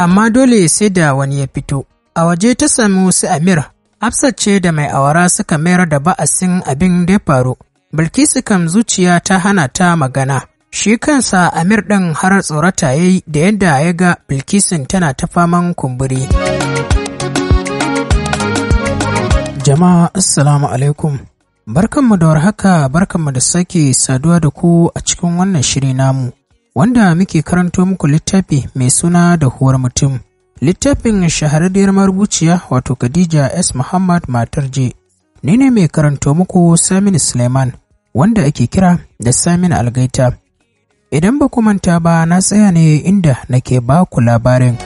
amma dole sai da wani ya fito. A waje ta sami su Amir, Hafsat ce da mai awara suka mayar da ba'asin abin da ya faru. Bilkisu kan zuciya ta hana ta magana. Shi kansa Amir ɗin har tsorata ya yi da yadda ya ga Bilkisun tana ta faman kumburi. Jama'a Assalamu alaikum. Barkanmu da warhaka, barkanmu da sake saduwa da ku a cikin wannan shiri namu. wanda muke karanto muku littafi mai suna da huwar mutum. Littafin shahararriyar marubuciya wato Khadija S. Muhammad Matarje. Ni ne mai karanto muku Saminu Suleiman wanda ake kira da Saminu Algaita. Idan ba ku manta ba na tsaya ne inda nake ba ku labarin.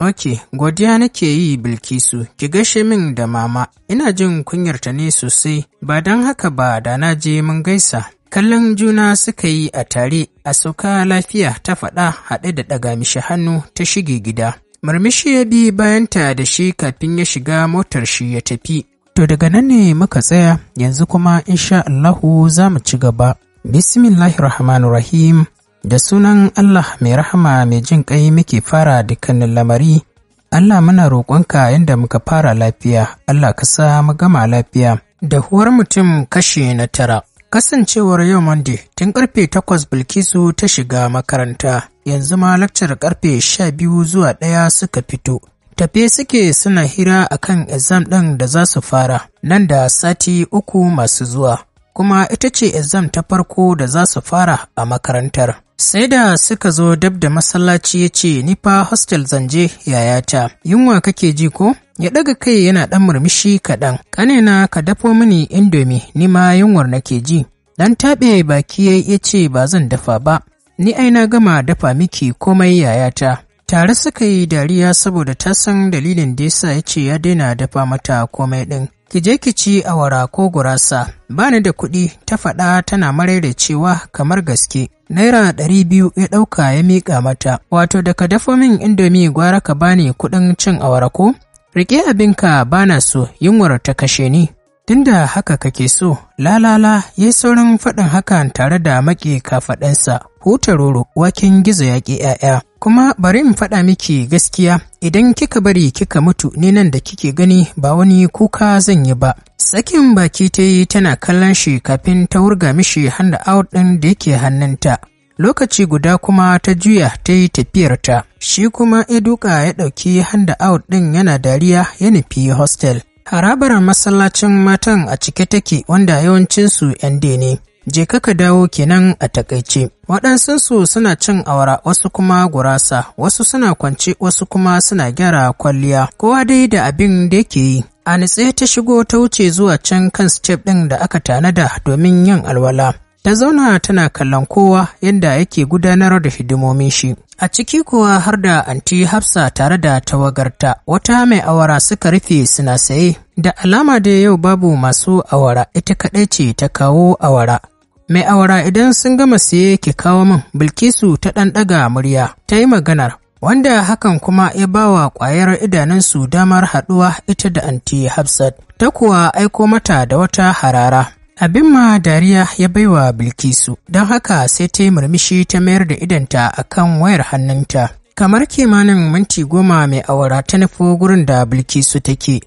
Ok, godiya nake yi Bilkisu, ki gashe min da mama, ina jin kunyarta ne sosai, ba don haka ba da na je mun gaisa Kallon juna suka yi a tare a sauka lafiya ta faɗa haɗe da ɗaga mishi hannu ta shige gida. Marmishi ya bi bayanta da shi kafin ya shiga motar shi ya tafi. To daga nan ne muka tsaya yanzu kuma in sha Allahu za mu ci gaba. Bismillahirrahmanirrahim da sunan Allah mai rahama mai jin ƙai muke fara dukkanin lamari. Allah muna roƙonka yadda muka fara lafiya, Allah ka sa mu gama lafiya. Dahuwar mutum kashe na tara. Kasancewar yau Monday tun karfe takwas Bilkisu ta shiga makaranta, yanzu ma lakcar karfe biyu zuwa 1 suka fito. Tafe suke suna hira akan exam ɗin da za su fara nan da sati uku masu zuwa. Kuma ita ce exam ta farko da za su fara a makarantar. Sai da suka zo dab da masallaci ya ce, Nifa hostel zanje yayata, yunwa kake ji ko? ya ɗaga kai yana ɗan murmushi kaɗan. Ƙanina ka dafo mini indomi ni ma yunwar nake ji. ɗan taɓe baki ya ce ba zan dafa ba. Ni ai na gama dafa miki komai yayata. Tare suka yi dariya saboda ta san dalilin da yasa ya ce ya daina dafa mata komai ɗin. Ki je ki ci awara ko gurasa, ba ni da kuɗi ta faɗa tana marar da cewa kamar gaske. Naira ɗari biyu ya ɗauka ya miƙa mata, wato da ka dafo min indomi gwara ka bani kuɗin cin awara ko? Rike abinka bana so yunwar ta kashe ni, tunda haka kake so, lalala ya saurin faɗin hakan tare da maƙe kafaɗansa, hutaroro waken gizo ya ƙi ‘ya'ya. Kuma bari in faɗa miki gaskiya, idan kika bari kika mutu ni nan da kike gani ba wani kuka zan yi ba. Sakin baki ta yi tana kallon shi kafin ta wurga mishi hand out ɗin da yake hannunta. Lokaci guda kuma ta juya ta yi tafiyarta. Shi kuma Eduka ya ɗauki handa out ɗin yana dariya ya nufi hostel. Harabar masallacin matan a cike take wanda yawancinsu 'yan ne. Je ka dawo kenan a takaice. Waɗansunsu suna cin awara wasu kuma gurasa, wasu suna kwance wasu kuma suna gyara kwalliya, kowa dai da abin da yake yi. A nitse ta shigo ta wuce zuwa can kan step ɗin da aka tanada domin yin alwala. ta zauna tana kallon kowa yadda yake gudanar da hidimomin shi. A ciki kuwa har da anti Hafsa tare da tawagarta wata mai awara suka rufe suna saye. Da alama da yau babu masu awara ita kaɗai ce ta kawo awara. Mai awara idan sun gama siye ke kawo min Bilkisu ta ɗan ɗaga murya ta yi maganar wanda hakan kuma ya bawa ƙwayar idanunsu damar haɗuwa ita da anti Hafsat ta kuwa aiko mata da wata harara. Abin ma dariya ya baiwa Bilkisu, don haka sai ta yi murmushi ta mayar da idanta a kan wayar hannunta. Kamar kimanin minti goma mai awara ta nufo gurin da Bilkisu take.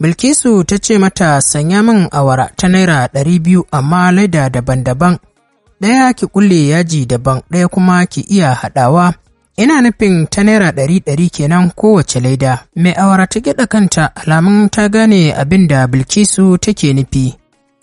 Bilkisu ta ce mata sanya min awara ta naira ɗari biyu amma laida daban-daban. Ɗaya ki kulle yaji daban, ɗaya kuma ki iya haɗawa. Ina nufin ta naira ɗari ɗari kenan kowace laida. Mai awara ta gyaɗa kanta alamun ta gane abin da Bilkisu take nufi.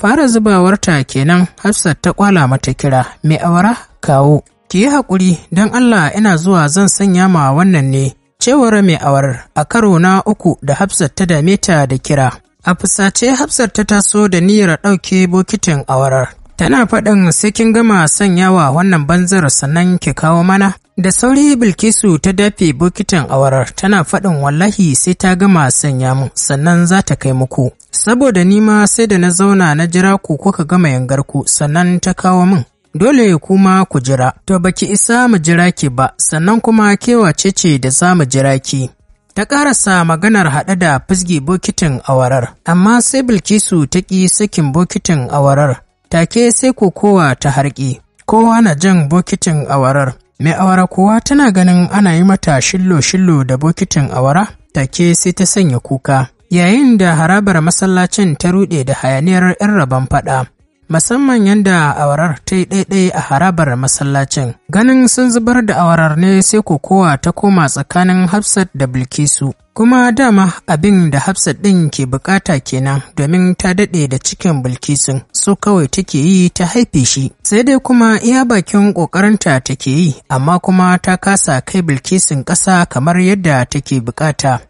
fara zubawarta kenan hafsat ta kwala mata kira mai awara kawo ki yi haƙuri don allah ina zuwa zan sanya ma wannan ne cewar mai awar a karo na uku da hafsat ta dame ta da kira a fusace hafsat ta taso da niyyar ɗauke bokitin awarar tana faɗin sai kin gama sanyawa wannan banzar sannan ki kawo mana Da sauri Bilkisu ta dafe bokitin awarar tana faɗin wallahi sai ta gama sanya min sannan za ta kai muku. Saboda nima sai da na zauna na jira ku kuka gama yangar ku, sannan ta kawo min. Dole kuma ku jira, to baki isa mu jira ki ba, sannan kuma kewace ce da za mu jira ki. Ta ƙarasa maganar haɗe da fizgi bokitin awarar, amma sai Bilkisu ta ƙi sakin bokitin awarar, take sai ku kowa ta harƙi. Kowa na jan bokitin awarar, mai awara kuwa tana ganin ana yi mata shillo-shillo da bokitin awara take sai ta sanya kuka yayin da harabar masallacin ta ruɗe da hayaniyar 'yan rabon faɗa musamman yadda awarar ta yi ɗaiɗai a harabar masallacin. Ganin sun zubar da awarar ne sai kokowa ta koma tsakanin Hafsat da Bilkisu. Kuma dama abin da Hafsat ɗin ke bukata kenan domin ta daɗe da cikin Bilkisu, so kawai take yi ta haife shi. Sai dai kuma iya bakin ƙoƙarinta take yi amma kuma ta kasa kai Bilkisu ƙasa kamar yadda take bukata.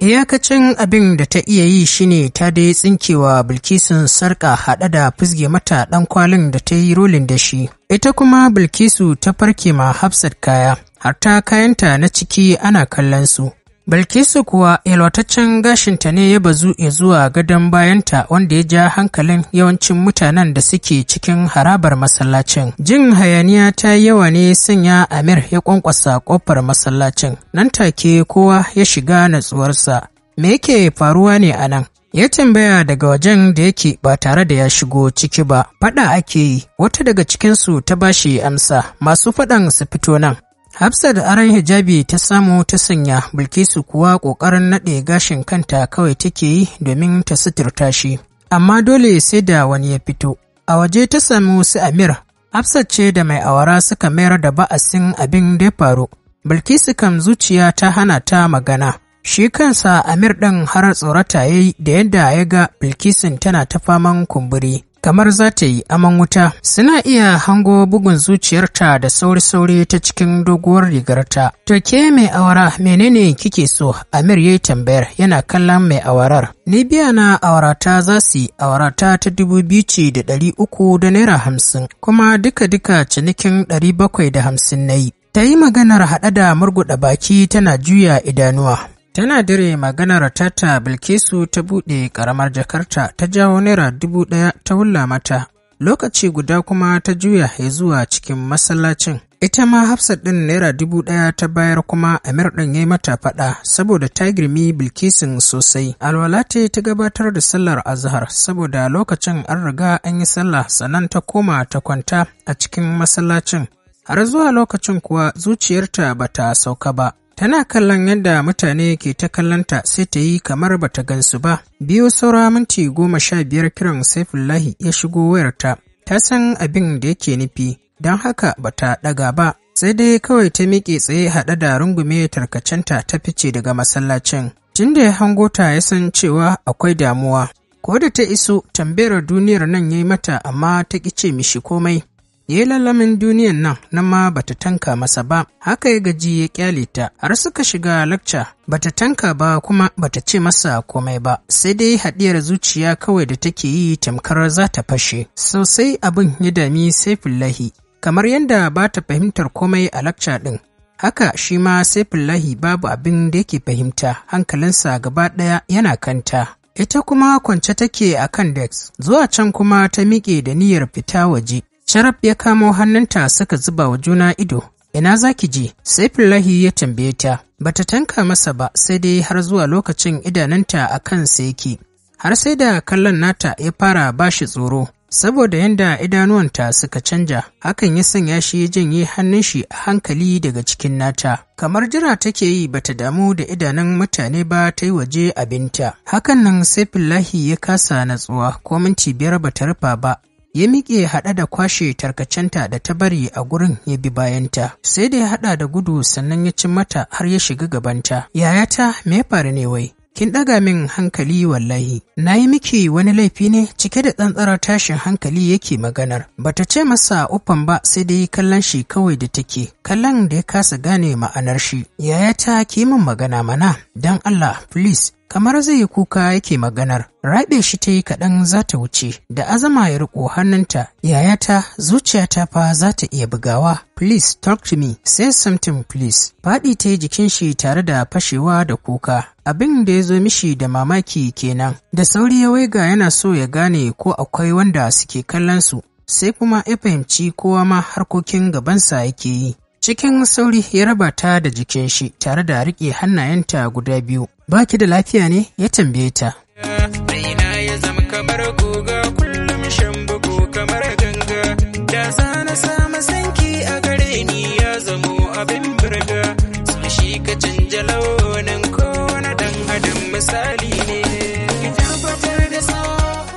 Iyakacin abin da ta iya yi shine ta dai tsinkewa Bilkisun Sarka haɗe da fusge mata ɗan kwalin da ta yi rolin da shi. Ita kuma Bilkisu ta farke ma Hafsat kaya, har ta kayanta na ciki ana kallon su. Bilkisu kuwa yalwataccen gashinta ne ya bazu ya zuwa gadon bayanta wanda ya ja hankalin yawancin mutanen da suke cikin harabar masallacin. Jin hayaniya ta yawa ne sanya Amir ya kwankwasa kofar masallacin. Nan take kowa ya shiga natsuwarsa. Me yake faruwa ne a nan? ya tambaya daga wajen da yake ba tare da ya shigo ciki ba faɗa ake yi wata daga cikinsu ta bashi amsa masu faɗan su fito nan Hafsat aran hijabi ta samu ta sanya Bilkisu kuwa ƙoƙarin naɗe gashin kanta kawai take yi domin ta suturta shi. Amma dole sai da wani ya fito. A waje ta samu su Amir, Hafsat ce da mai awara suka mayar da ba'asin abin da ya faru. Bilkisu kan zuciya ta hana ta magana. Shi kansa Amir ɗin har tsorata yayi da yadda ya ga Bilkisun tana ta faman kumburi. kamar za ta yi aman wuta suna iya hango bugun zuciyarta da sauri-sauri ta cikin doguwar rigarta to ke mai awara menene kike so amir ya yi tambayar yana kallon mai awarar ni biya na awarata za su yi awarata ta dubu biyu ce da ɗari uku da naira hamsin kuma duka-duka cinikin ɗari bakwai da hamsin na yi ta yi maganar haɗa da murguɗa baki tana juya idanuwa Tana dire maganar tata Bilkisu ta buɗe ƙaramar jakarta ta jawo naira dubu ɗaya ta wulla mata. Lokaci guda kuma ta juya ya zuwa cikin masallacin. Ita ma Hafsa ɗin naira dubu ɗaya ta bayar kuma Amir ɗin ya mata faɗa saboda ta girmi Bilkisin sosai. Alwalate ta gabatar da sallar azhar saboda lokacin an riga an yi sallah sannan ta koma ta kwanta a cikin masallacin. Har zuwa lokacin kuwa zuciyarta bata sauka ba. Tana kallon yadda mutane ke ta kallonta sai ta yi kamar ba bata gansu ba. Biyu saura minti goma sha biyar kiran Saifullahi ya shigo wayarta. Ta san abin da yake nufi, don haka ba ta ɗaga ba. Sai dai kawai ta miƙe tsaye haɗe da rungume tarkacenta ta fice daga masallacin. Tun da ya hango ta ya san cewa akwai damuwa. Ko da ta iso tambayar duniyar nan ya yi mata amma ta ƙi ce mishi komai. ya yi lalamin duniyan nan na ma bata tanka masa ba haka ya gaji ya kyale ta har suka shiga lakca bata tanka ba kuma bata ce masa komai ba sai dai haɗiyar zuciya kawai da take yi tamkar za ta fashe sosai abin ya dami saifullahi kamar yadda ba ta fahimtar komai a lakca ɗin haka shi ma saifullahi babu abin da yake fahimta hankalinsa gaba ɗaya yana kanta ita kuma kwance take a kan dex zuwa can kuma ta miƙe da niyyar fita waje Sharaf ya kamo hannunta suka zuba wa juna ido. Ina za ki je? Saifullahi ya tambaye ta. Ba ta tanka masa ba sai dai har zuwa lokacin idanunta a kan seki. Har sai da kallon nata ya fara ba shi tsoro. Saboda yadda idanuwanta suka canja, hakan ya sanya shi ya janye hannun shi a hankali daga cikin nata. Kamar jira take yi bata damu da idanun mutane ba ta yi waje abinta. Hakan nan sai fillahi ya kasa natsuwa ko minti biyar bata rufa ba ya miƙe haɗa da kwashe tarkacenta da ta bari a gurin ya bi bayanta sai da ya haɗa da gudu sannan ya ci mata har ya shiga gabanta yayata me faru ne wai kin ɗaga min hankali wallahi na yi miki wani laifi ne cike da tsantsarar tashin hankali yake maganar bata ce masa ufan ba sai dai kallon shi kawai da take kallon da ya kasa gane ma'anar shi yayata ki min magana mana don allah please kamar zai yi kuka yake maganar raɓe shi ta yi kaɗan za ta wuce da azama ya riko hannunta yayata zuciyata fa za ta iya bugawa please talk to me say something please faɗi ta yi jikin shi tare da fashewa da kuka abin da ya zo mishi da mamaki kenan da sauri ya ga yana so ya gane ko akwai wanda suke kallon su sai kuma ya fahimci kowa ma harkokin gabansa yake yi cikin sauri ya raba ta da jikin shi tare da riƙe hannayenta guda biyu baki da lafiya ne ya tambaye ta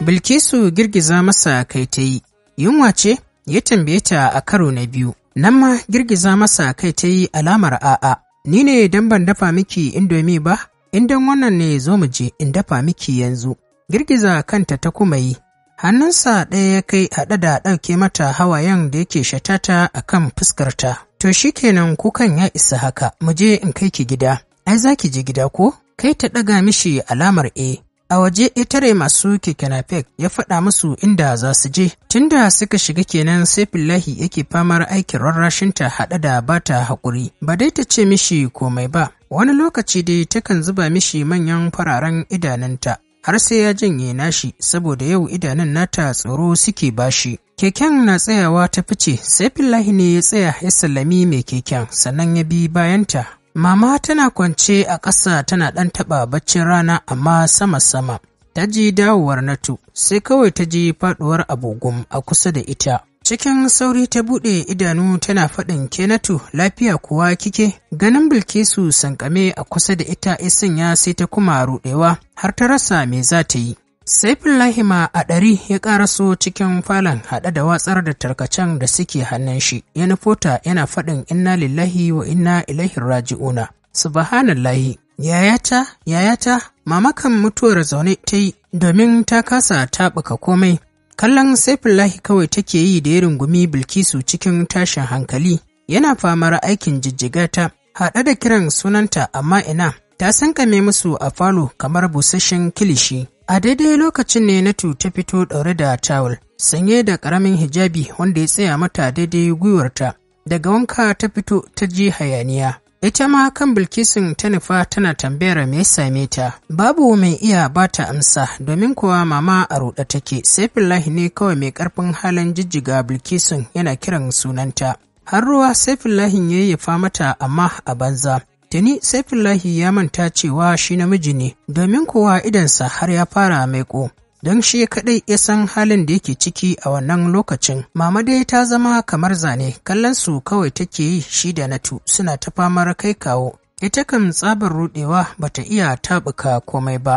Bilkisu girgiza masa kai ta yi, yunwa ce ya tambaye ta a karo na biyu. Nan ma girgiza masa kai ta yi alamar a'a, ni ne don ban dafa miki indomi ba, indan wannan ne zo mu je in dafa miki yanzu. Girgiza kanta ta kuma yi, hannunsa ɗaya ya kai haɗe da ɗauke mata hawayen da yake shatata a kan fuskarta. To shi kenan kukan ya isa haka, mu je in kai ki gida, ai za ki je gida ko? Kai ta ɗaga mishi alamar e, a waje Itare tare masu keke napep ya faɗa musu inda za su je tunda suka shiga kenan sai fillahi yake famar aikin rarrashinta haɗe da bata haƙuri ba dai ta ce mishi komai ba wani lokaci dai takan zuba mishi manyan fararen idanunta har sai ya janye nashi saboda yau idanun nata tsoro suke bashi keken na tsayawa ta fice sai fillahi ne ya tsaya ya sallami mai keken sannan ya bi bayanta Mama tana kwance a ƙasa tana ɗan taɓa baccin rana amma sama-sama. Ta ji dawowar Natu, sai kawai ta ji faɗuwar abogun a kusa da ita. Cikin sauri ta buɗe idanu tana faɗin Kenatu lafiya kuwa kike ganin Bilkisu sankame a kusa da ita ya sai ta kuma ruɗewa har ta rasa me za ta yi. Saifullahi ma a ɗari ya ƙara ƙaraso cikin falon haɗe da watsar da tarkacen da suke hannun shi, ya nufota yana faɗin inna lillahi wa inna ilaihi raji'una. Subhanallahi, yayata, yayata, mamakan mutuwar zaune ta yi domin ta kasa taɓuka komai. Kallon Saifullahi kawai take yi da ya rungumi Bilkisu cikin tashin hankali, yana famar aikin jijjigata, haɗe da kiran sunanta amma ina, ta sankame musu a falo kamar busasshen kilishi. A daidai lokacin ne na ta fito ɗaure da tawul, sanye da ƙaramin hijabi wanda ya tsaya mata daidai gwiwarta. Daga wanka ta fito ta ji hayaniya. Ita ma kan Bilkisun ta nufa tana tambayar me ya same ta. Babu mai iya ba ta amsa domin kuwa mama a ruɗa take. Sai fillahi ne kawai mai ƙarfin halin jijjiga Bilkisun yana kiran sunanta. Har ruwa sai ne ya yi mata amma a banza. Tuni Saifullahi ya manta cewa shi namiji ne, domin kuwa idansa har ya fara maiko. Don shi kaɗai ya san halin da yake ciki a wannan lokacin. Mama dai ta zama kamar zane, kallon su kawai take yi shi da Natu suna ta famar kai kawo. Ita kan tsabar rudewa bata iya taɓuka komai ba.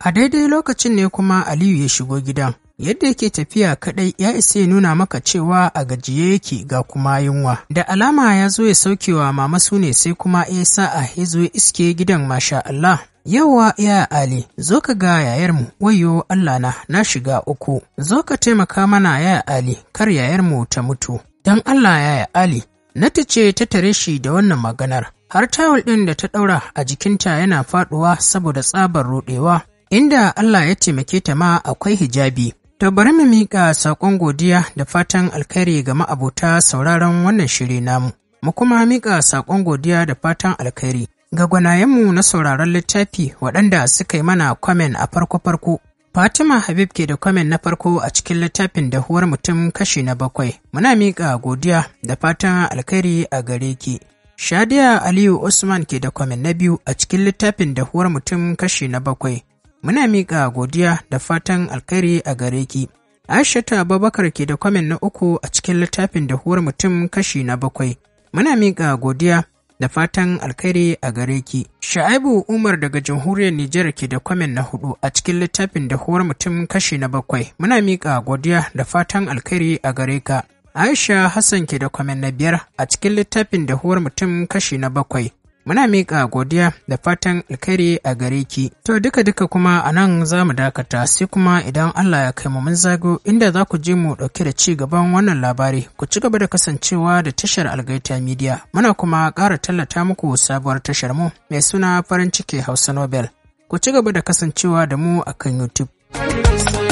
A daidai lokacin ne kuma Aliyu ya shigo gidan. yadda yake tafiya kadai ya isa ya nuna maka cewa a gajiye yake ga kuma yunwa da alama ya zo ya saukewa mama su ne sai kuma ya sa'a ya zo ya iske gidan masha Allah yawa ya Ali, zo ka ga yayarmu, wayo Allah na, na shiga uku, zo ka taimaka mana ya Ali, kar yayarmu ta mutu. dan Allah ya Ali, Nata ce ta tare shi da wannan maganar, har tawul ɗin da ta ɗaura a jikinta yana faɗuwa saboda tsabar ruɗewa, inda Allah ya taimake ta ma akwai hijabi, To bari mu miƙa saƙon godiya da fatan alkhairi ga ma'abota sauraron wannan shiri namu. Mu kuma miƙa saƙon godiya da fatan alkhairi ga gwanayenmu na sauraron littafi waɗanda suka yi mana kwamen a farko-farko. Fatima Habib ke da kwamen na farko a cikin littafin dahuwar mutum kashi na bakwai. Muna miƙa godiya da fatan alkhairi a gare ki. Shadiya Aliyu Usman ke da kwamen na biyu a cikin littafin dahuwar mutum kashi na bakwai. muna miƙa godiya da fatan alkhairi a gare ki aishata babakar ke da kwamen na uku a cikin littafin da huwar mutum kashi na bakwai muna miƙa godiya da fatan alkhairi a gare ki sha'ibu umar daga jamhuriyar nijar ke da kwamen na hudu a cikin littafin da huwar mutum kashi na bakwai muna miƙa godiya da fatan alkhairi a gare ka aisha hassan ke da kwamen na biyar a cikin littafin da huwar mutum kashi na bakwai Muna miƙa godiya da fatan alkhairi a gare ki. To duka duka kuma a nan za mu dakata sai kuma idan Allah ya kai mu mun zago inda za ku je mu ɗauke da ci gaban wannan labari ku ci gaba da kasancewa da tashar Algaita Media. Muna kuma ƙara tallata muku sabuwar tashar mu mai suna farin ciki Hausa Nobel. Ku ci gaba da kasancewa da mu akan YouTube.